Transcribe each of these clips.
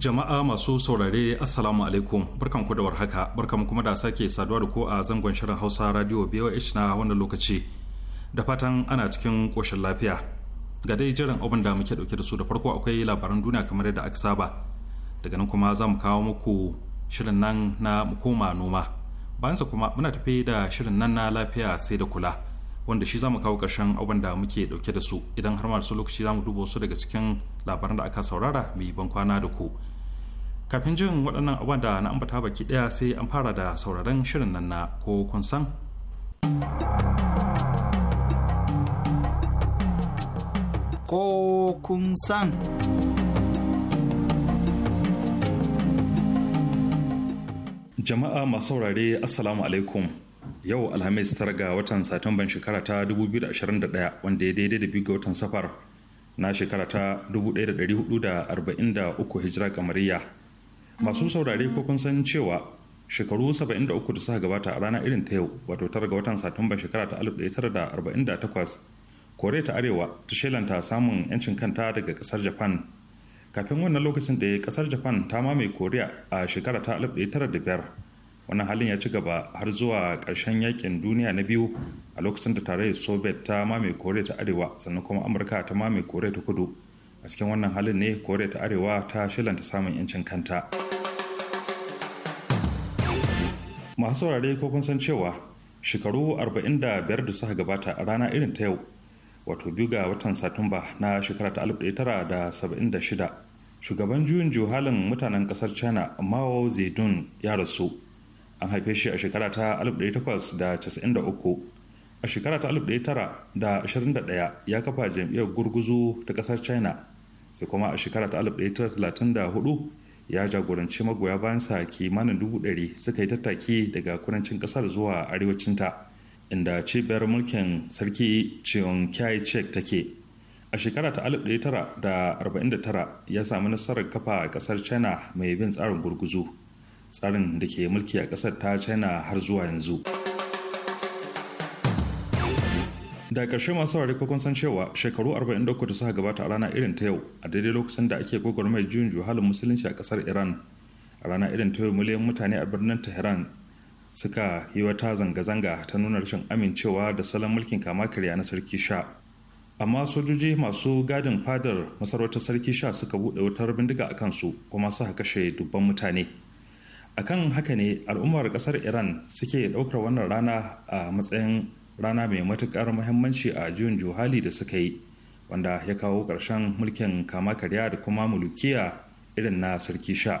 Jama'a masu saurare Assalamu alaikum barkan ku da warhaka barkan kuma da sake saduwa da ku a zangon shirin Hausa Radio BOH na wannan lokaci da fatan ana cikin koshin lafiya ga dai jiran abin da muke dauke da su da farko akwai labaran duniya kamar yadda aka saba daga nan kuma za mu kawo muku shirin nan na mukoma noma bayan sa kuma muna tafi da shirin nan na lafiya sai da kula wanda shi za mu kawo karshen abin da muke dauke da su idan har ma su lokaci mu duba su daga cikin labaran da aka saurara mai ban kwana da ku kafin jin waɗannan abubuwan da na ambata baki ɗaya sai an fara da sauraron shirin nan na ko kun san ko kun san jama'a masu saurare assalamu alaikum yau alhamis tara ga watan satumban shekara ta 2021 wanda ya daidai da biyu ga watan safar na shekara ta 1443 hijira kamariya masu saurare ko kun san cewa shekaru 73 da suka gabata a rana irin ta yau wato tara ga watan satumban shekara ta 1948 koriya ta arewa ta shelanta samun yancin kanta daga kasar japan kafin wannan lokacin da kasar japan ta mamaye korea a shekara ta 1905 wannan halin ya ci gaba har zuwa karshen yakin duniya na biyu a lokacin da tarayyar soviet ta mamaye korea ta arewa sannan kuma amurka ta mamaye korea ta kudu a cikin wannan halin ne koriya ta arewa ta shilanta samun yancin kanta. masu saurare ko kun san cewa shekaru 45 da suka gabata a rana irin ta yau wato biyu ga watan satumba na shekara ta 1976 shugaban juyin juhalin mutanen kasar china mao zedong ya rasu an haife shi a shekara ta 1893 a shekara ta 1921 ya kafa jam'iyyar gurguzu ta kasar china sai kuma a shekara ta 1934 ya jagoranci magoya bayansa kimanin dubu ɗari suka yi tattaki daga kudancin ƙasar zuwa arewacin ta inda cibiyar mulkin sarki chion kyai cek take a shekara ta 1949 ya sami nasarar kafa a ƙasar china mai bin tsarin gurguzu tsarin da ke mulki a ƙasar ta china har zuwa yanzu. da ƙarshe masu saurari ko kun san cewa shekaru 43 da suka gabata a rana irin ta yau a daidai lokacin da ake mai juyin juhalin musulunci a kasar iran a rana irin ta yau miliyan mutane a birnin tehran suka yi wata zanga-zanga ta nuna rashin amincewa da salon mulkin kama karya na sarki sha amma sojoji masu gadin fadar masarautar sarki sha suka buɗe wutar bindiga a kansu kuma suka kashe dubban mutane akan haka ne al'ummar kasar iran suke ɗaukar wannan rana a matsayin rana mai matuƙar muhimmanci a juyin juhali da suka yi wanda ya kawo ƙarshen mulkin kama karya da kuma mulkiya irin na sarki sha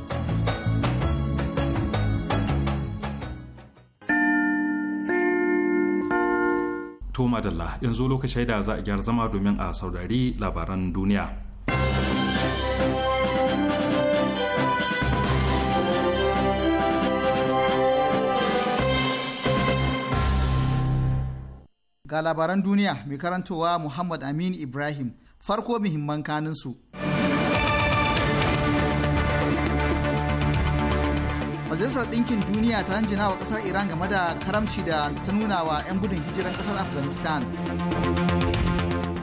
To madalla yanzu lokacin da za a gyara zama domin a saurari labaran duniya. Ga labaran duniya mai karantowa Muhammad Amin Ibrahim farko muhimman kaninsu. su. majalisar ɗinkin duniya ta hanjina wa ƙasar iran game da karamci da ta nuna wa 'yan gudun hijiran ƙasar afghanistan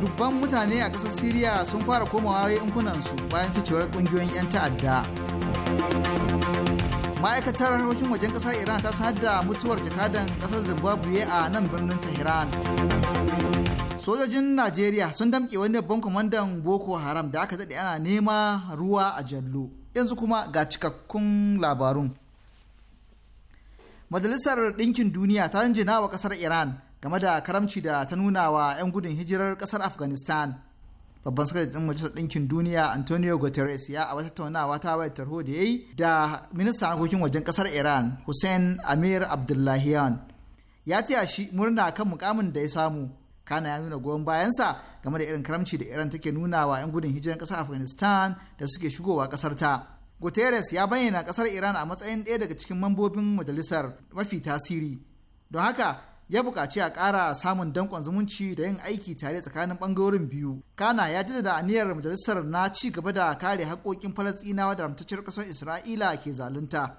dubban mutane a ƙasar Syria sun fara komawa yankunansu bayan ficewar ƙungiyoyin 'yan ta'adda ma'aikatar harkokin wajen ƙasar iran ta sanar da mutuwar jakadan ƙasar zimbabwe a nan birnin tehran sojojin najeriya sun damƙe wani babban kwamandan boko haram da aka daɗe ana nema ruwa a jallo yanzu kuma ga cikakkun labarun Majalisar Ɗinkin Duniya ta jina wa ƙasar Iran game da karamci da ta nuna wa 'yan gudun hijirar kasar Afghanistan. Babban sakataren Majalisar Ɗinkin Duniya Antonio Guterres ya a wata taunawa ta wayar tarho da ya yi da ministan harkokin wajen kasar Iran Hussein Amir Abdullahian. Ya taya shi murna kan mukamin da ya samu. Kana ya nuna goyon bayansa game da irin karamci da Iran take nuna wa 'yan gudun hijirar kasar Afghanistan da suke shigowa ƙasar ta. guterres ya bayyana kasar iran a matsayin ɗaya daga cikin mambobin majalisar mafi tasiri don haka ya buƙaci a ƙara samun danƙon zumunci da yin aiki tare tsakanin ɓangarorin biyu kana ya ji da aniyar majalisar na ci gaba da kare haƙoƙin falasɗinawa da ramtacciyar ƙasar isra'ila ke zalunta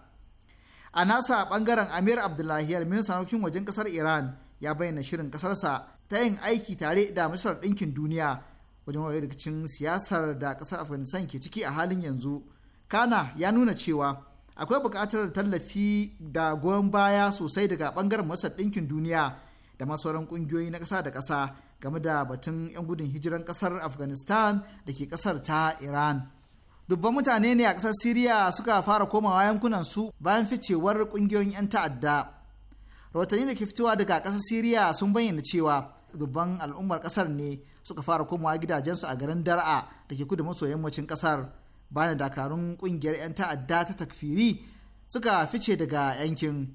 a nasa ɓangaren amir abdullahiyar ministan harkokin wajen ƙasar iran ya bayyana shirin ƙasarsa ta yin aiki tare da majalisar ɗinkin duniya wajen rikicin siyasar da ƙasar afghanistan ke ciki a halin yanzu kana ya nuna cewa akwai buƙatar tallafi da goyon baya sosai daga ɓangaren masar ɗinkin duniya da masauran ƙungiyoyi na ƙasa da ƙasa game da batun 'yan gudun hijiran ƙasar afghanistan da ke ƙasar ta iran dubban mutane ne a ƙasar siriya suka fara komawa yankunan su bayan ficewar ƙungiyoyin 'yan ta'adda rahotanni da ke fitowa daga ƙasar siriya sun bayyana cewa dubban al'ummar ƙasar ne suka fara komawa gidajensu a garin dar'a da ke kudu maso yammacin ƙasar bayan dakarun kungiyar 'yan ta'adda ta takfiri suka fice daga yankin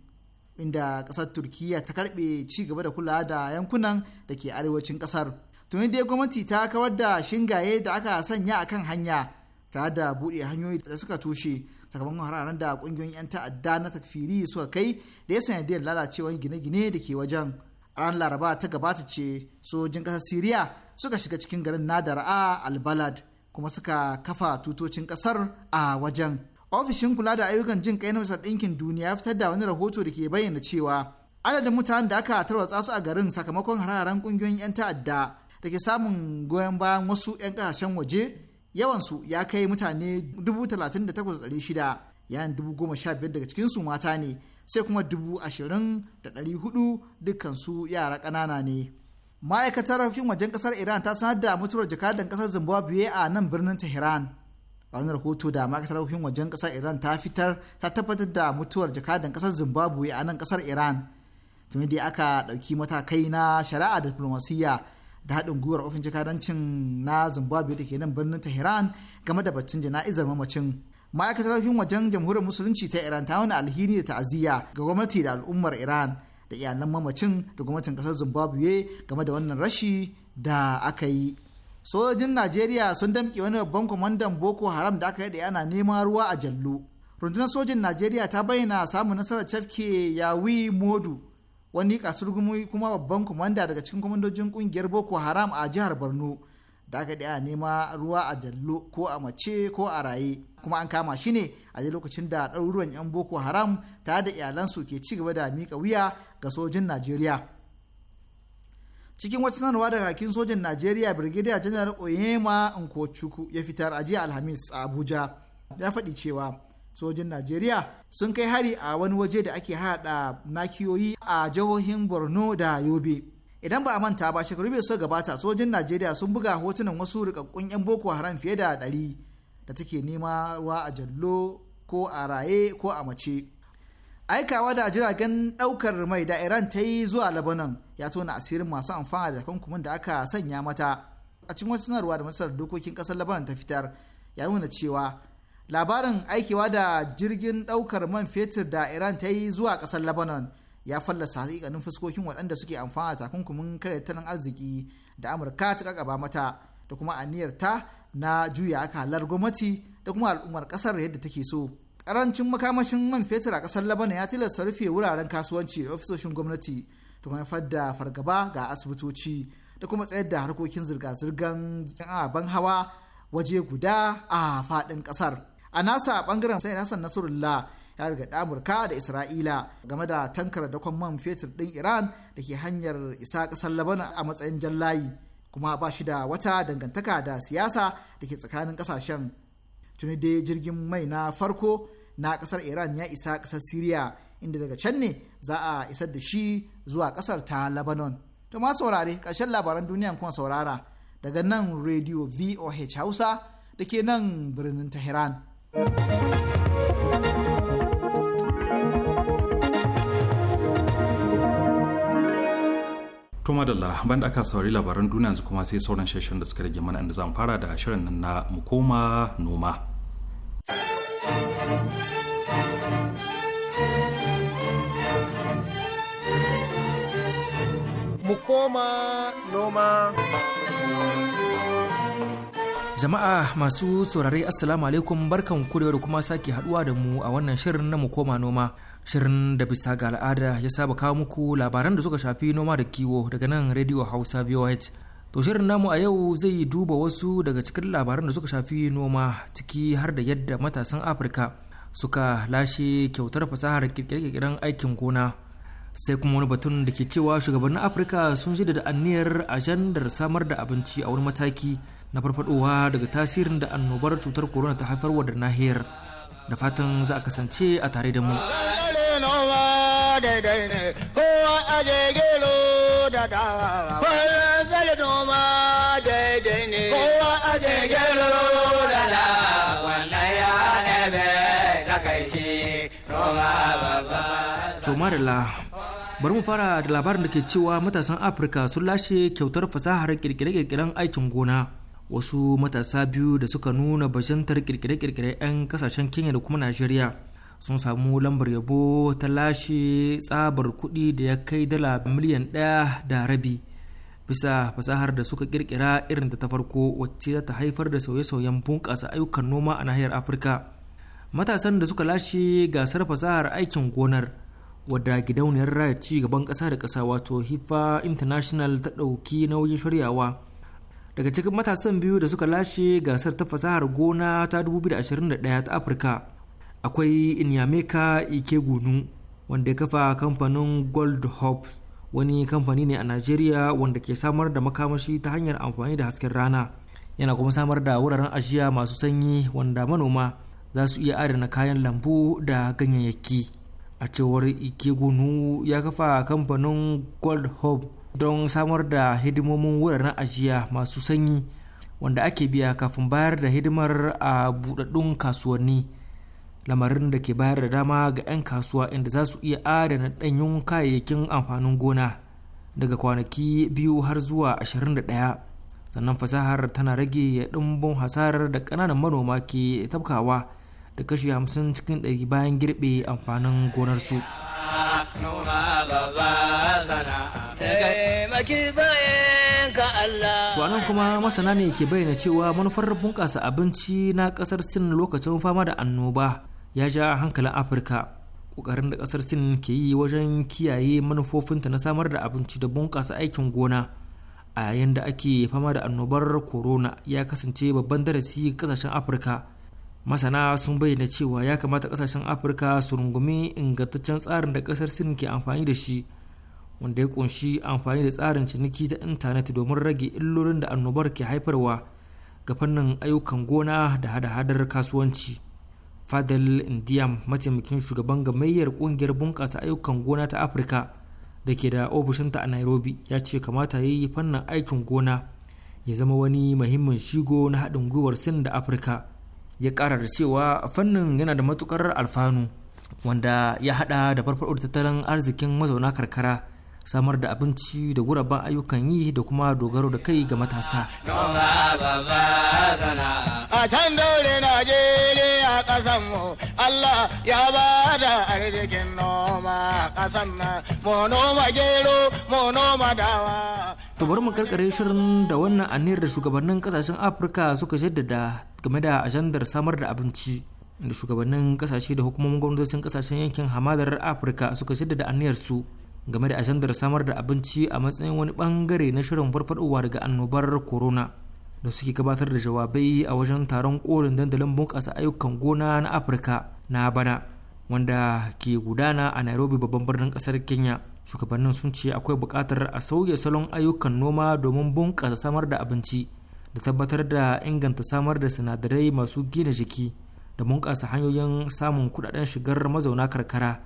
inda kasar turkiya ta karbe ci gaba da kula da yankunan da ke arewacin kasar tuni dai gwamnati ta kawar da shingaye da aka sanya akan hanya tare da buɗe hanyoyi da suka tushe sakamakon hararen da kungiyoyin 'yan ta'adda na takfiri suka kai da ya sanadiyar lalacewar gine-gine da ke wajen ran laraba ta gabata ce sojin kasar siriya suka shiga cikin garin nadar a albalad kuma suka kafa tutocin kasar a wajen ofishin kula da ayyukan jin kai na masar ɗinkin duniya ya fitar da wani rahoto da ke bayyana cewa adadin mutanen da aka tarwatsa su a garin sakamakon hararen ƙungiyoyin 'yan ta'adda da ke samun goyon bayan wasu 'yan kasashen waje yawansu ya kai mutane 38,600 yayin 15,000 daga cikinsu mata ne sai kuma 20,400 dukkansu yara ƙanana ne. ma'aikatar harkokin wajen kasar iran ta sanar da mutuwar jakadan kasar zimbabwe a nan birnin tehran wani rahoto da ma'aikatar harkokin wajen kasar iran ta fitar ta tabbatar da mutuwar jakadan kasar zimbabwe a nan kasar iran tuni da aka ɗauki matakai na shari'a da diplomasiya da haɗin gwiwar ofin jakadancin na zimbabwe da ke nan birnin tehran game da batun jana'izar mamacin ma'aikatar harkokin wajen jamhuriyar musulunci ta iran ta nuna alhini da ta'aziyya ga gwamnati da al'ummar iran da iyalan mamacin da gwamnatin kasar zimbabwe game da wannan rashi da aka yi sojojin najeriya sun damƙe wani babban kwamandan boko haram da aka yi da yana neman ruwa a jallo rundunar sojin najeriya ta bayyana samun nasarar cafke yawi modu wani kasurgumi kuma babban kwamanda daga cikin kwamandojin kungiyar boko haram a jihar borno da aka nema ruwa a jallo ko a mace ko a raye kuma an kama shi ne a lokacin da ɗaruruwan 'yan boko haram ta da iyalansu ke ci gaba da miƙa wuya ga sojin najeriya cikin wata sanarwa daga kakin sojin najeriya brigadier general oyema nkochukwu ya fitar a jiya alhamis a abuja ya faɗi cewa sojin najeriya sun kai hari a wani waje da ake haɗa nakiyoyi a jihohin borno da yobe idan ba a manta ba shekaru biyu suka gabata sojin najeriya sun buga hotunan wasu rikakkun 'yan boko haram fiye da ɗari da take nema ruwa a jallo ko a raye ko a mace aikawa da jiragen ɗaukar mai da iran ta yi zuwa labanan ya tona asirin masu amfana da kankumin da aka sanya mata a cikin wasu sanarwa da masar dokokin ƙasar labanan ta fitar ya nuna cewa labarin aikewa da jirgin ɗaukar man fetur da iran ta yi zuwa kasar labanan ya fallasa hakikanin fuskokin waɗanda suke amfana takunkumin kare tattalin arziki da amurka ta kakaba mata da kuma ta na juya aka halar gwamnati da kuma al'ummar ƙasar yadda take so karancin makamashin man fetur a ƙasar labana ya tilasta rufe wuraren kasuwanci da ofisoshin gwamnati da kuma da fargaba ga asibitoci da kuma tsayar da harkokin zirga-zirgar ban hawa waje guda a faɗin ƙasar a nasa a ɓangaren sai nasan nasarullah ya riga amurka da isra'ila game da tankar dakon man fetur ɗin iran da ke hanyar isa kasar labanon a matsayin jallayi kuma ba shi da wata dangantaka da siyasa da ke tsakanin kasashen tuni dai jirgin mai na farko na kasar iran ya isa kasar siriya inda daga can ne za a isar da shi zuwa kasar ta lebanon to ma saurare karshen labaran duniya kuma saurara daga nan radio voh hausa da ke nan birnin tehran thank you to madalla banda aka saurari labaran duniya yanzu kuma sai sauran sheshen da suka rage mana inda zan fara da shirin nan na mu koma noma mu koma noma Jama'a masu saurare Assalamu alaikum barkan kurewa da kuma sake haduwa da mu a wannan shirin na mu koma noma. Shirin da bisa ga al'ada ya saba kawo muku labaran da suka shafi noma da kiwo daga nan Radio Hausa VOH. To shirin namu a yau zai duba wasu daga cikin labaran da suka shafi noma ciki har da yadda matasan Afirka suka lashe kyautar fasahar kirkire aikin gona. sai kuma wani batun da ke cewa shugabannin afirka sun shida da anniyar ajandar samar da abinci a wani mataki na farfadowa daga tasirin da annobar cutar corona ta haifarwa da nahiyar da fatan za a kasance a tare da mu Somarila bari mu fara da labarin da ke cewa matasan afirka sun lashe kyautar fasahar kirkire-kirkiren aikin gona wasu matasa biyu da suka nuna bajantar kirkire-kirkire 'yan kasashen kenya da kuma najeriya sun samu lambar yabo ta lashe tsabar kuɗi da ya kai dala miliyan ɗaya da rabi bisa fasahar da suka kirkira irin da ta farko wacce ta haifar da sauye-sauyen bunƙasa ayyukan noma a nahiyar afirka matasan da suka lashe gasar fasahar aikin gonar wadda gidauniyar raya ci gaban ƙasa da ƙasa wato hifa international ta ɗauki nauyin shiryawa daga cikin matasan biyu da suka lashe gasar ta fasahar gona ta 2021 ta afirka akwai inyameka ikegunu wanda ya kafa kamfanin gold hope wani kamfani ne a nigeria wanda ke samar da makamashi ta hanyar amfani da hasken rana yana kuma samar da wuraren ajiya masu sanyi wanda manoma za su iya adana kayan lambu da ganyayyaki a cewar ikegunu ya kafa kamfanin gold hope don samar da hidimomin wuraren ajiya masu sanyi wanda ake biya kafin bayar da hidimar a budaddun kasuwanni lamarin da ke bayar da dama ga 'yan kasuwa inda za su iya adana ɗanyun kayayyakin amfanin gona daga kwanaki biyu har zuwa 21 sannan fasahar tana rage ɗumbin hasarar da ƙananan manoma ke tafkawa da kashi 50 cikin 100 bayan girbe amfanin gonarsu. noma Allah. To anan kuma masana ne ke bayyana cewa manufar bunƙasa abinci na ƙasar Sin lokacin fama da annoba ya ja hankalin Afirka. Ƙoƙarin da ƙasar Sin ke yi wajen kiyaye manufofinta na samar da abinci da bunƙasa aikin gona a yayin da ake fama da annobar corona ya kasance babban darasi ga ƙasashen Afirka. masana sun bayyana cewa ya kamata kasashen afirka su rungumi ingantaccen tsarin da kasar sin ke amfani da shi wanda ya kunshi amfani da tsarin ciniki ta intanet domin rage illolin da annobar ke haifarwa ga fannin ayyukan gona da hada-hadar kasuwanci fadal indiam mataimakin shugaban gamayyar kungiyar bunƙasa ayyukan gona ta afirka da ke da ofishinta a nairobi ya ce kamata ya yi fannin aikin gona ya zama wani muhimmin shigo na haɗin gwiwar sin da afirka ya ƙara da cewa fannin yana da matukar alfanu wanda ya haɗa da farfaɗo da tattalin arzikin mazauna karkara samar da abinci da guraben ayyukan yi da kuma dogaro da kai ga matasa. A can daure Najeriya a mu Allah ya ba da arzikin noma ƙasan na mu noma gero mu noma dawa. to bari mu karkare shirin da wannan aniyar da shugabannin kasashen afirka suka jaddada game da ajandar samar da abinci da shugabannin kasashe da hukumomin gwamnatocin kasashen yankin hamadar afirka suka jaddada aniyar su game da ajandar samar da abinci a matsayin wani bangare na shirin farfadowa daga annobar corona da suke gabatar da jawabai a wajen taron korin dandalin bunƙasa ayyukan gona na afirka na bana wanda ke gudana a nairobi babban birnin kasar kenya shugabannin sun ce akwai bukatar a sauya salon ayyukan noma domin bunƙasa samar da abinci da tabbatar da inganta samar da sinadarai masu gina jiki da bunƙasa hanyoyin samun kuɗaɗen shigar mazauna karkara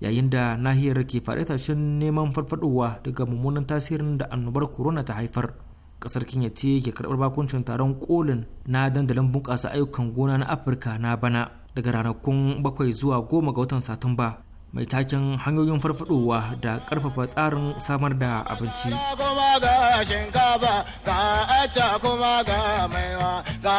yayin da nahiyar ke faɗi tashin neman farfaɗowa daga mummunan tasirin da annobar corona ta haifar ƙasar kenya ce ke karɓar bakuncin taron kolin na dandalin bunƙasa ayyukan gona na afirka na bana daga ranakun bakwai zuwa goma ga watan satumba mai taken hanyoyin farfadowa da karfafa tsarin samar da abinci. kuma ga shinkafa ga kuma ga maiwa ga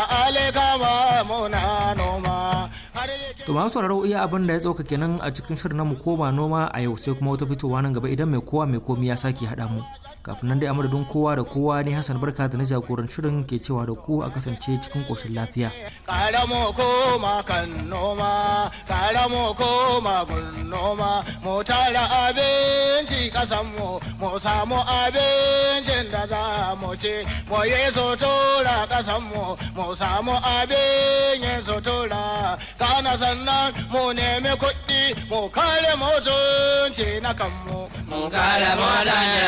To masu sauraro iya abin da ya tsoka kenan a cikin shirin namu mu koma noma a yau sai kuma wata fitowa nan gaba idan mai kowa mai komi ya sake haɗa mu. Kafin nan dai a madadin kowa da kowa ne Hassan Barka da na jagoran shirin ke cewa da ku a kasance cikin koshin lafiya. Kara mu koma kan noma, kara mu koma gun noma, mu tara abinci ƙasan mu, mu samu abincin da za mu ci, mu yi sutura ƙasan mu, mu samu abin yin sutura. hana sannan mu nemi kuɗi mu kare mutunci na kanmu. Mu kare mutunci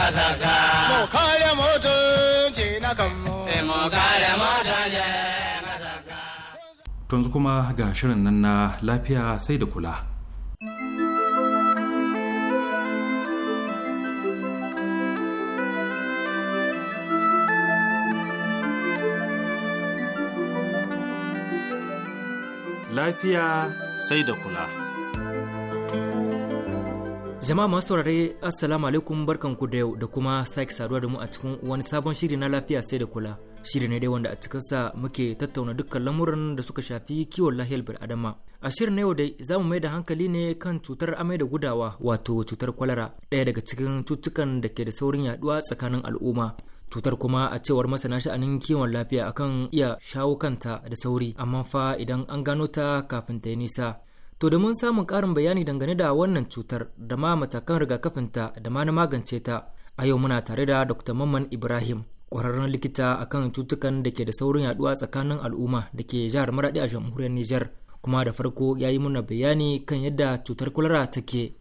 ƙasar ka. Mu kare mutunci na kanmu. Eh, mu kare mutunci ƙasar ka. Tunzu kuma ga shirin nan na lafiya sai da kula. lafiya sai da kula. Jama'a masu saurare Assalamu alaikum barkanku da yau da kuma sake saduwa da mu a cikin wani sabon shiri na lafiya sai da kula. Shiri ne dai wanda a cikinsa muke tattauna dukkan lamuran da suka shafi kiwon lahiyar bil'adama. A shirin na yau dai za mu mai da hankali ne kan cutar amai da gudawa wato cutar kwalara ɗaya daga cikin cutukan da ke da saurin yaduwa tsakanin al'umma. cutar kuma a cewar masana sha'anin kiwon lafiya akan iya shawo kanta da sauri amma fa idan an gano ta kafin ta yi nisa to da domin samun karin bayani dangane da wannan cutar da ma matakan rigakafin ta da ma na magance ta a yau muna tare da dr mamman ibrahim kwararren likita akan cutukan da ke da saurin yaduwa tsakanin al'umma da ke jihar maradi a jamhuriyar niger kuma da farko ya yi muna bayani kan yadda cutar kwalara take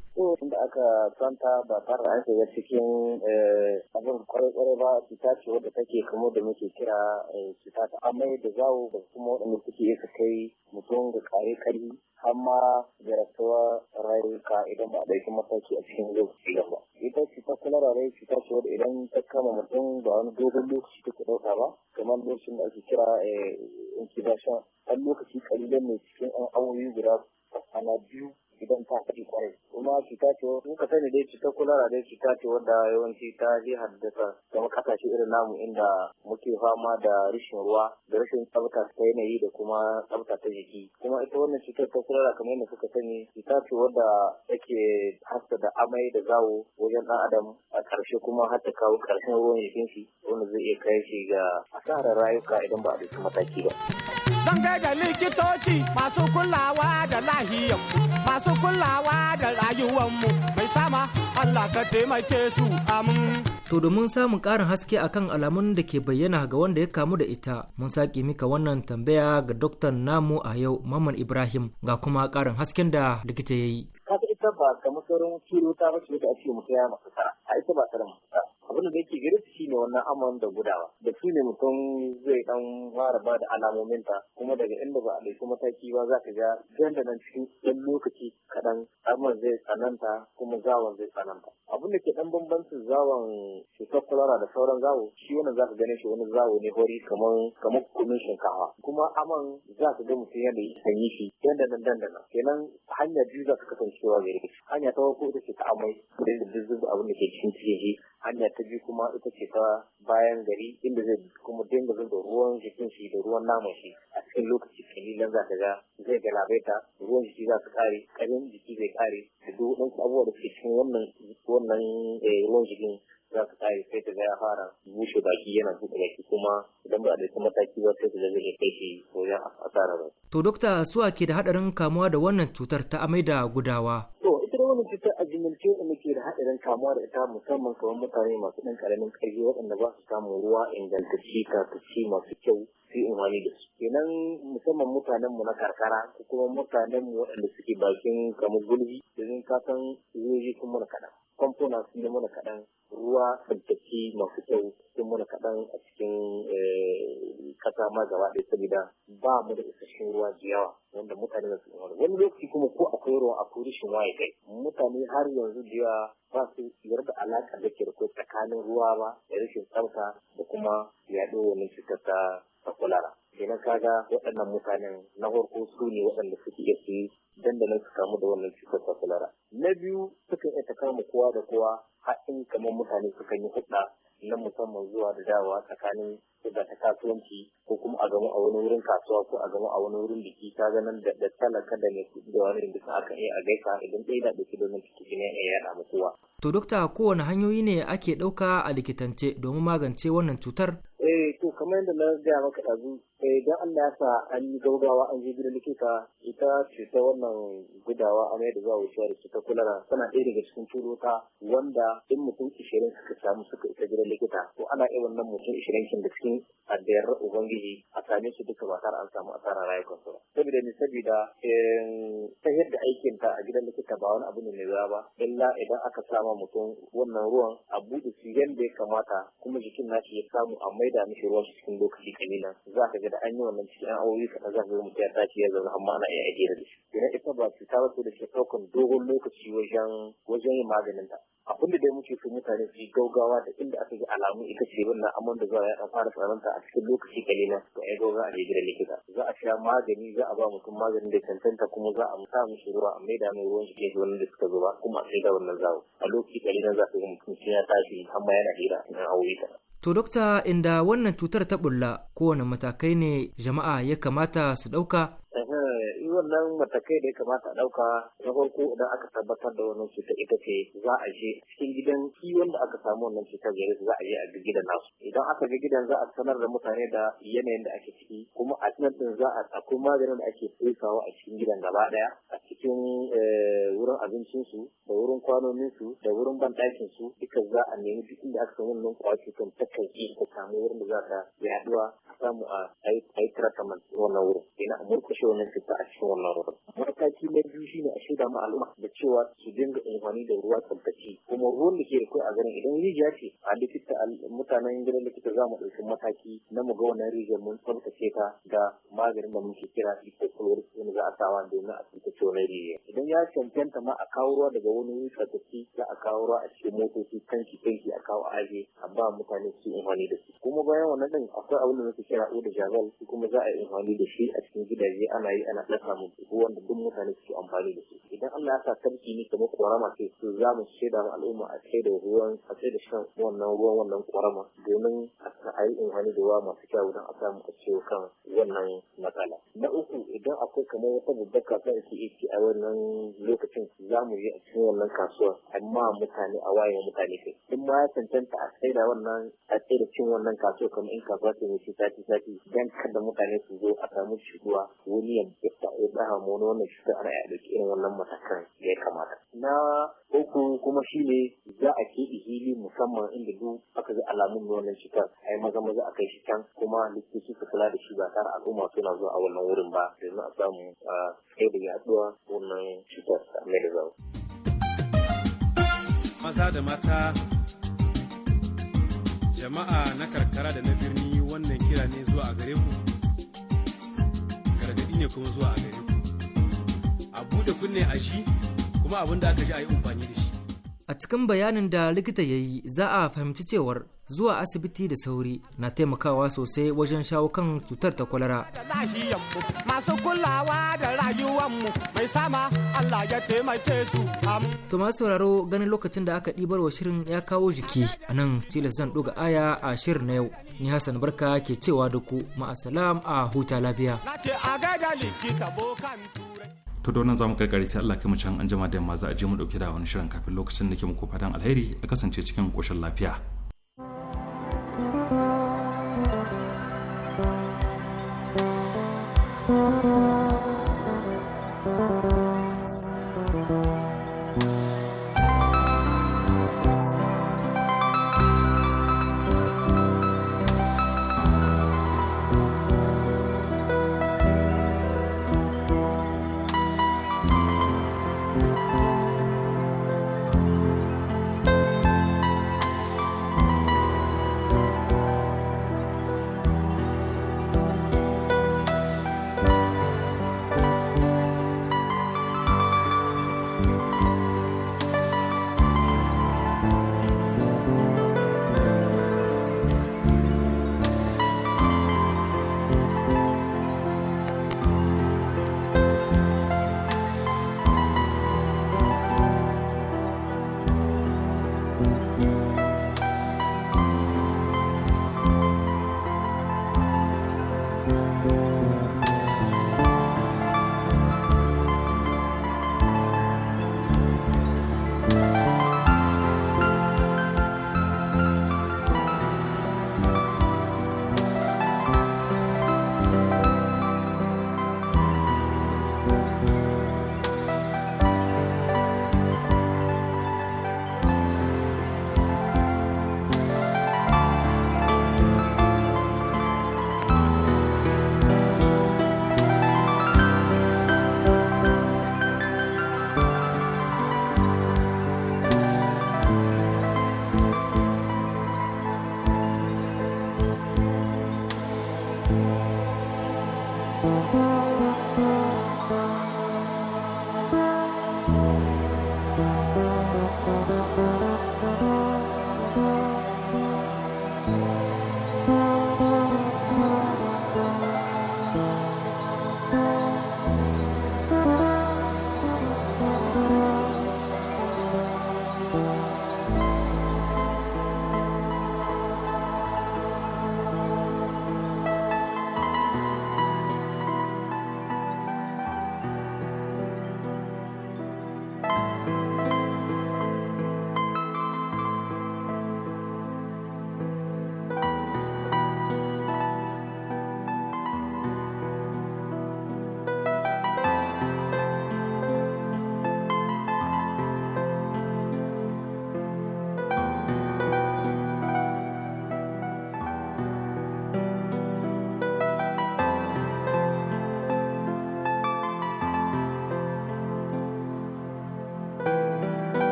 aka santa ba tare da an shiga cikin eh, abin kwarai-kwarai ba cuta ce wadda take kamar da muke kira eh, cuta ta amai da zawo da kuma waɗanda suke isa kai mutum da kare-kari har ma da rasuwa rayuka idan ba a ɗauki mataki a cikin lokaci da ba. Ita cuta da rai cuta ce wadda idan ta kama mutum ba wani dogon lokaci ta ɗauka ba kamar lokacin da ake kira eh, incubation har lokaci kalilan ne cikin an awoyi guda ana biyu idan ta fi kwarai kuma cuta ce muka sani dai cutar kulara dai cuta ce wanda yawanci ta je haddasa kamar kasashe irin namu inda muke fama da rashin ruwa da rashin tsafta ta yanayi da kuma tsafta ta jiki kuma ita wannan cutar ta kulara kamar yadda kuka sani cuta ce wanda take hasa da amai da zawo wajen ɗan adam a ƙarshe kuma har ta kawo ƙarshen ruwan jikin shi wanda zai iya kai shi ga asarar rayuka idan ba a ɗauki mataki ba. Zan kai da likitoci masu kulawa da lahiyar masu kulawa da mu mai sama Allah ka taimake su amin. To domin samun ƙarin haske akan alamun da ke bayyana ga wanda ya kamu da ita, mun saki mika wannan tambaya ga doktan namu a yau Maman Ibrahim ga kuma ƙarin hasken da likita ya yi. ita ba kamar kiro ta bace da ake mutu ya a ita ba matsalolin da yake gare shi ne wannan aman da gudawa da su ne mutum zai dan fara ba da alamominta kuma daga inda ba a ɗauki mataki ba za ka ga da nan cikin ɗan lokaci kaɗan aman zai tsananta kuma zawon zai tsananta abin da ke ɗan bambancin zawon cutar kwalara da sauran zawo shi wannan za ka gane shi wani zawo ne hori kamar kamar kunun shinkafa kuma aman za ka ga mutum yadda ya sanyi shi da nan dandana kenan hanya biyu za ka kasancewa gare shi hanya ta farko ita ce ta amai da duk abin da ke cikin ciki hanya ta biyu kuma ita ce ta bayan gari inda zai kuma dinga zuba ruwan jikin shi da ruwan naman shi a cikin lokaci kalilan za ka ga zai galabaita ruwan jiki za su kare karin jiki zai kare da duk wadansu abubuwa da suke cikin wannan wannan eh, ruwan jikin za su kare sai ta ga ya fara bushe baki yana buɗe baki kuma idan ba a ɗauki mataki ba sai ta ga zai kai shi ko ya asara ba. To dokta su ke da hadarin kamuwa da wannan cutar ta amai da gudawa. To ita wannan cutar a jimilce haɗarin kamuwa da ita musamman kamar mutane masu ɗan ƙaramin ƙarfi waɗanda ba su samun ruwa ingantacci tatacce masu kyau sai in wani da su kenan musamman mutanen mu na karkara ko kuma mutanen mu waɗanda suke bakin kamar gulbi domin ka san wuri sun mana kaɗan kwamfuna sun yi mana kaɗan ruwa ingantacci masu kyau sun mana kaɗan a cikin eh, kasa ma gaba ɗaya saboda ba mu da isasshen ruwa da yawa wanda mutane za su yi wani lokaci kuma ko akwai ruwa akwai rashin waye kai mutane har yanzu da yawa ba su yarda alaƙa da ke da kai tsakanin ruwa ba da rashin tsafta da kuma yaɗo wani cutar ta kulara. Kenan kaga waɗannan mutanen na farko su ne waɗanda suke iya su yi dandalin su kamu da wannan cutar ta kulara. Na biyu sukan iya ta kama kowa da kowa har in kamar mutane sukan yi hudda na musamman zuwa da dawowa tsakanin da ta kasuwanci ko kuma a gama a wani wurin kasuwa ko a gama a wani wurin biki ta ganin da da talaka da ne da wani duka aka yi a gaisa idan ɗaya da ɗauki domin ciki ne ya yaɗa mutuwa. To dokta kowane hanyoyi ne ake ɗauka a likitance domin magance wannan cutar? Eh to kamar yadda na gaya maka ɗazu idan eh, Allah ya sa an yi gaugawa an je gidan likita ita ce ta wannan gudawa mai da za a da ta kulara tana ɗaya daga cikin turota wanda in mutum ishirin suka samu suka isa gidan likita ko ana iya wannan mutum ishirin kin da cikin addayar ubangiji a same su duka ba tare an samu asara rayukan su ba saboda ne saboda ta yadda aikin ta a gidan likita ba wani abu ne mai ba illa idan aka sama mutum wannan ruwan a buɗe su yadda ya kamata kuma jikin nashi ya samu a maida mishi ruwan cikin lokaci kalilan za ka ga da an yi wannan cikin awoyi kaɗan zan ka ga mutum ya tashi ya zauna amma ana iya ajiyar da shi idan ita ba ta rasu da ke ɗaukan dogon lokaci wajen wajen yin maganin ta abin da dai muke so mutane su yi gaugawa da inda aka yi alamu ita ce wannan amon da za a ɗan fara tsananta a cikin lokaci kalilan to ai gauga a jirgin gidan likita za a sha magani za a ba mutum maganin da cancanta kuma za a sa mishi ruwa a maida mai ruwan shi ke wannan da suka zo ba kuma a sai wannan zawo a lokaci kalilan za ka ga mutum sai ya tashi amma yana hira in an To dokta inda wannan cutar ta bulla kowane matakai ne jama'a ya kamata su ɗauka wannan matakai da ya kamata a ɗauka na farko idan aka tabbatar da wannan cuta ita ce za a je cikin gidan kiwon da aka samu wannan cutar gare za a je a bi gidan nasu idan aka ga gidan za a sanar da mutane da yanayin da ake ciki kuma a cikin din za a akwai maganin da ake fesawa a cikin gidan gaba daya a cikin eh, wurin abincinsu da wurin su da wurin su, duka za a nemi duk inda aka samu wannan kwaya cutar ta kai ta samu wurin da za ta yaduwa a samu a yi trataman wannan wurin ina a murkushe wannan cuta a cikin mataki na biyu shine a shaida ma al'umma da cewa su dinga amfani da ruwa tsabtace kuma ruwan da ke da a garin idan rijiya ce a likita mutanen gidan likita za mu ɗauki mataki na mu ga wannan rijiyar mun tsabtace ta da maganin da muke kira ikkokolor wani za a sawa domin a tsabtace wannan rijiya idan ya cancanta ma a kawo ruwa daga wani wuri tsabtace za a kawo ruwa a cikin motoci tanki tanki a kawo aje a ba mutane su amfani da su kuma bayan wannan din akwai abin da muke kira oda jazal kuma za a yi amfani da shi a cikin gidaje ana yi ana ɗaukar zamantakewa wanda duk mutane suke amfani da su idan Allah ya sa tarki ne kamar korama ce to za mu shaida wa al'umma a sai da ruwan a sai da shan wannan ruwan wannan korama domin a yi hannu da wa masu kyau don a samu a ciwo kan wannan matsala na uku idan akwai kamar wata babbar kasuwa ke iya a wannan lokacin za mu je a cikin wannan kasuwa amma mutane a waye mutane kai duk ma ya cancanta a sai da wannan a sai da cin wannan kasuwa kamar in kasuwa ce mai sati sati don kada mutane su zo a samu shigowa wani ya ya tsaya mu wannan shi ana irin wannan matakan da ya kamata. Na uku kuma shi ne za a ke hili musamman inda duk aka ga alamun wannan cutar a yi maza maza a kai shi can kuma likitoci su kula da shi ba tare al'umma suna zuwa a wannan wurin ba domin a samu kai da yaduwa wannan cutar a mai da zawo. Maza da mata jama'a na karkara da na birni wannan kira ne zuwa a gare ku. gargadi ne kuma zuwa a gari a buɗe kunne a shi kuma abin da aka ji a yi amfani da shi a cikin bayanin da likita ya yi za a fahimci cewar zuwa asibiti da sauri na taimakawa sosai wajen shawo kan cutar ta kwalara. Masu kulawa da rayuwanmu mai sama Allah ya taimake su To masu sauraro ganin lokacin da aka ɗibar wa shirin ya kawo jiki a nan tilas zan ɗuga aya a shirin na yau. Ni Hassan Barka ke cewa da ku ma'asalam a huta lafiya. to da wannan zamu karkare sai Allah kai mu can anjima da yamma za a je mu dauke da wani shirin kafin lokacin da ke muku fatan alheri a kasance cikin koshin lafiya Thank you.